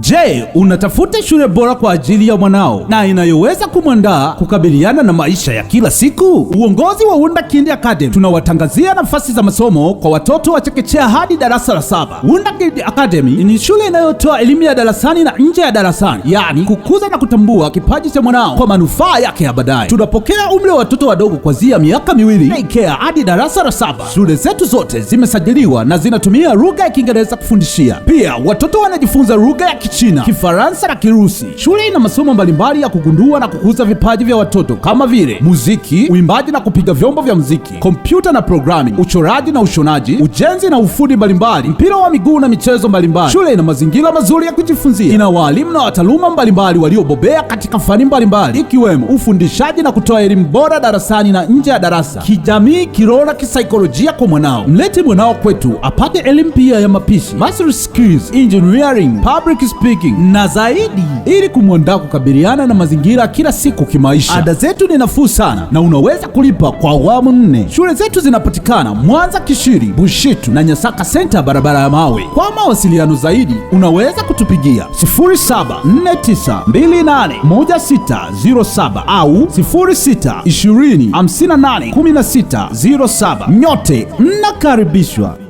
Je, unatafuta shule bora kwa ajili ya mwanao na inayoweza kumwandaa kukabiliana na maisha ya kila siku? Uongozi wa Wunda Kindi Academy tunawatangazia nafasi za masomo kwa watoto wa chekechea hadi darasa la saba. Wunda Kindi Academy ni shule inayotoa elimu ya darasani na nje ya darasani, yaani kukuza na kutambua kipaji cha mwanao kwa manufaa yake ya baadaye. Tunapokea umri wa watoto wadogo kuanzia miaka miwili daycare hadi darasa la saba. Shule zetu zote zimesajiliwa na zinatumia lugha ya Kiingereza kufundishia. Pia watoto wanajifunza lugha ya Kichina, Kifaransa na Kirusi. Shule ina masomo mbalimbali ya kugundua na kukuza vipaji vya watoto kama vile muziki, uimbaji na kupiga vyombo vya muziki, kompyuta na programming, uchoraji na ushonaji, ujenzi na ufundi mbalimbali, mpira wa miguu na michezo mbalimbali. Shule ina mazingira mazuri ya kujifunzia, ina walimu na wataaluma mbalimbali waliobobea katika fani mbalimbali ikiwemo ufundishaji na kutoa elimu bora darasani na nje ya darasa, kijamii, kiroho na kisaikolojia kwa mwanao. Mlete mwanao kwetu apate elimu pia ya mapishi, master skills, engineering, public speaking, na zaidi ili kumwandaa kukabiliana na mazingira kila siku kimaisha. Ada zetu ni nafuu sana na unaweza kulipa kwa awamu nne. Shule zetu zinapatikana Mwanza, Kishiri, Bushitu na Nyasaka senta, barabara ya mawe. Kwa mawasiliano zaidi unaweza kutupigia 0749281607 au 0620581607. Nyote mnakaribishwa.